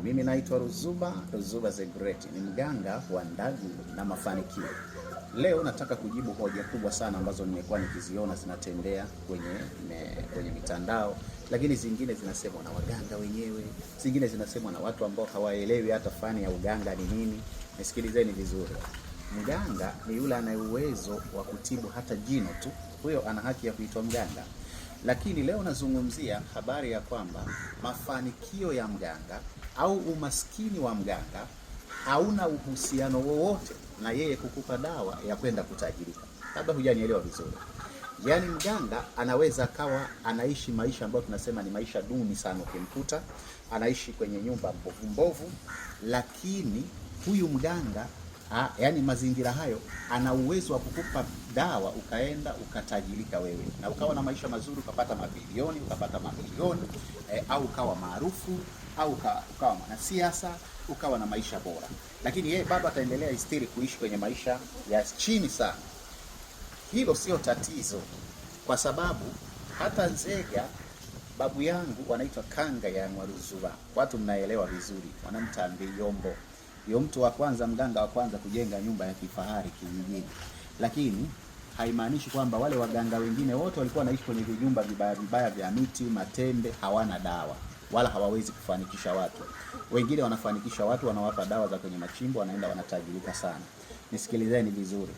Habari, mimi naitwa Ruzuba Ruzuba the Great, ni mganga wa ndagu na mafanikio. Leo nataka kujibu hoja kubwa sana ambazo nimekuwa nikiziona zinatembea kwenye, me, kwenye mitandao, lakini zingine zinasemwa na waganga wenyewe, zingine zinasemwa na watu ambao hawaelewi hata fani ya uganga ni nini. Nisikilizeni vizuri, mganga ni yule anaye uwezo wa kutibu hata jino tu, huyo ana haki ya kuitwa mganga. Lakini leo nazungumzia habari ya kwamba mafanikio ya mganga au umaskini wa mganga hauna uhusiano wowote na yeye kukupa dawa ya kwenda kutajirika. Labda hujanielewa vizuri. Yaani, mganga anaweza akawa anaishi maisha ambayo tunasema ni maisha duni sana, ukimkuta anaishi kwenye nyumba mbovu mbovu, lakini huyu mganga ha, yani mazingira hayo, ana uwezo wa kukupa dawa ukaenda ukatajirika wewe na ukawa na maisha mazuri, ukapata mabilioni, ukapata mamilioni eh, au ukawa maarufu au ukawa, ukawa mwanasiasa ukawa na maisha bora, lakini yeye baba ataendelea istiri kuishi kwenye maisha ya chini sana. Hilo sio tatizo, kwa sababu hata Nzega babu yangu wanaitwa Kanga ya Ngwaruzuba, watu mnaelewa vizuri, wanamta yombo ndio mtu wa kwanza, mganga wa kwanza kujenga nyumba ya kifahari kijijini, lakini haimaanishi kwamba wale waganga wengine wote walikuwa wanaishi kwenye vijumba vibaya vibaya vya miti, matembe, hawana dawa wala hawawezi kufanikisha watu. Wengine wanafanikisha watu, wanawapa dawa za kwenye machimbo, wanaenda wanatajirika sana. Nisikilizeni vizuri,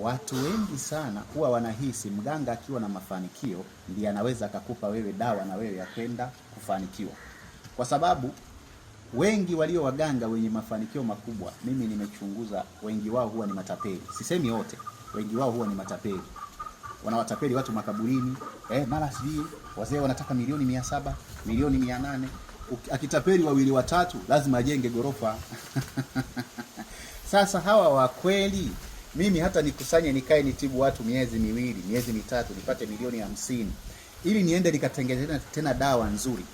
watu wengi sana huwa wanahisi mganga akiwa na mafanikio ndiye anaweza akakupa wewe dawa na wewe ya kwenda kufanikiwa, kwa sababu wengi walio waganga wenye mafanikio makubwa, mimi nimechunguza, wengi wao huwa ni matapeli. Sisemi wote, wengi wao huwa ni matapeli. Wanawatapeli watu makaburini eh, mara sijui wazee wanataka milioni mia saba milioni mia nane Akitapeli wawili watatu, lazima ajenge gorofa Sasa hawa wa kweli, mimi hata nikusanye nikae nitibu watu miezi miwili miezi mitatu nipate milioni hamsini ili niende nikatengeneza tena dawa nzuri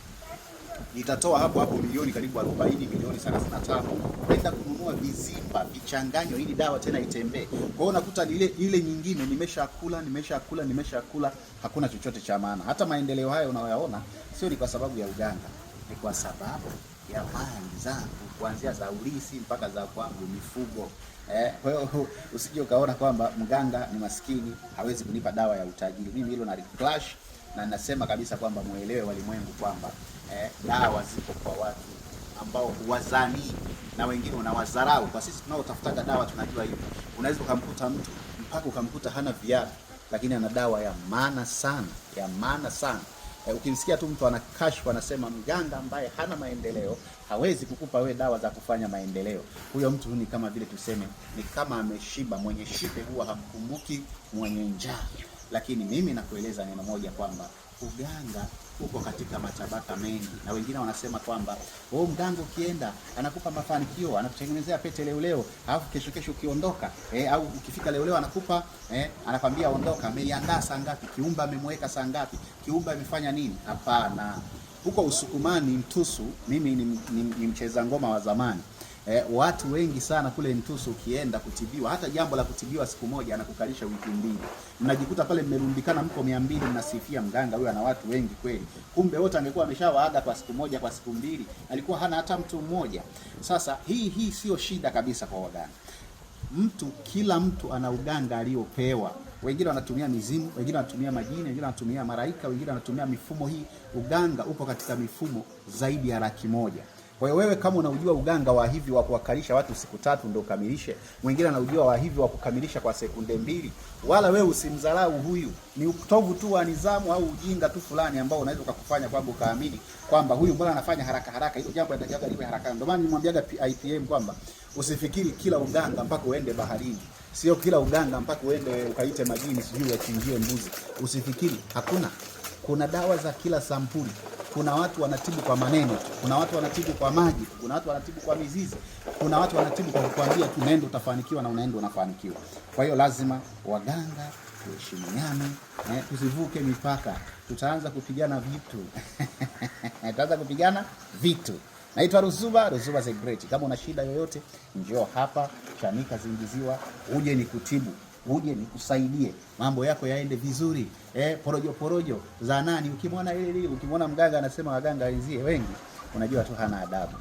Nitatoa hapo hapo milioni karibu 40 milioni 35 kwenda kununua vizimba vichanganyo, ili dawa tena itembee. Kwa hiyo nakuta ile ile nyingine nimeshakula nimeshakula nimeshakula, hakuna chochote cha maana. Hata maendeleo hayo unayoyaona sio ni kwa sababu ya uganga, ni kwa sababu ya mali zangu, kuanzia za ulisi mpaka za kwangu mifugo. Eh, kwa hiyo usije ukaona kwamba mganga ni maskini hawezi kunipa dawa ya utajiri. Mimi hilo na clash na nasema kabisa kwamba mwelewe walimwengu kwamba eh, dawa zipo kwa watu ambao huwazani na wengine unawadharau. Kwa sisi tunaotafutaga dawa tunajua hivyo, unaweza ukamkuta mtu mpaka ukamkuta hana viatu, lakini ana dawa ya maana sana, ya maana sana. E, ukimsikia tu mtu anakashfa anasema mganga ambaye hana maendeleo hawezi kukupa we dawa za kufanya maendeleo. Huyo mtu ni kama vile tuseme, ni kama ameshiba. Mwenye shibe huwa hamkumbuki mwenye njaa lakini mimi nakueleza neno moja kwamba uganga uko katika matabaka mengi, na wengine wanasema kwamba oh, mganga ukienda anakupa mafanikio, anakutengenezea pete leo leo, alafu kesho kesho ukiondoka eh, au ukifika leo leo anakupa eh, anakwambia ondoka. Ameiandaa saa ngapi? Kiumba amemweka saa ngapi? Kiumba amefanya nini? Hapana. Huko Usukumani Mtusu, mimi ni, ni, ni mcheza ngoma wa zamani Eh, watu wengi sana kule Ntusu ukienda kutibiwa, hata jambo la kutibiwa siku moja anakukalisha wiki mbili, mnajikuta pale mmerundikana, mko mia mbili, mnasifia mganga huyo ana watu wengi kweli, kumbe wote angekuwa ameshawaaga kwa siku moja, kwa siku mbili, alikuwa hana hata mtu mmoja. Sasa hii hii sio shida kabisa kwa waganga. Mtu kila mtu ana uganga aliopewa. Wengine wanatumia mizimu, wengine wanatumia majini, wengine wanatumia maraika, wengine wanatumia mifumo hii. Uganga uko katika mifumo zaidi ya laki moja. Kwa hiyo wewe kama unaujua uganga wa hivi wa kuwakalisha watu siku tatu ndio ukamilishe, mwingine anaujua wa hivi wa kukamilisha kwa sekunde mbili, wala wewe usimdharau huyu. Ni utovu tu wa nidhamu au ujinga tu fulani ambao unaweza ukakufanya kwamba ukaamini kwamba huyu mbona anafanya haraka haraka, hilo jambo linatakiwa liwe haraka. Ndio maana nimwambiaga IPM kwamba usifikiri kila uganga mpaka uende baharini, sio kila uganga mpaka uende ukaite majini sijui yachinjie mbuzi. Usifikiri, hakuna kuna dawa za kila sampuli. Kuna watu wanatibu kwa maneno, kuna watu wanatibu kwa maji, kuna watu wanatibu kwa mizizi, kuna watu wanatibu kwa kukwambia tu nenda utafanikiwa, na unaenda unafanikiwa. Kwa hiyo lazima waganga tuheshimiane, eh, tusivuke mipaka, tutaanza kupigana vitu tutaanza kupigana vitu. Naitwa Ruzuba, Ruzuba the Great. Kama una shida yoyote, njoo hapa Chanika Zingiziwa, uje nikutibu uje nikusaidie mambo yako yaende vizuri eh, porojo porojo za nani. Ukimwona ile ukimwona mganga anasema waganga wenzie wengi, unajua tu hana adabu.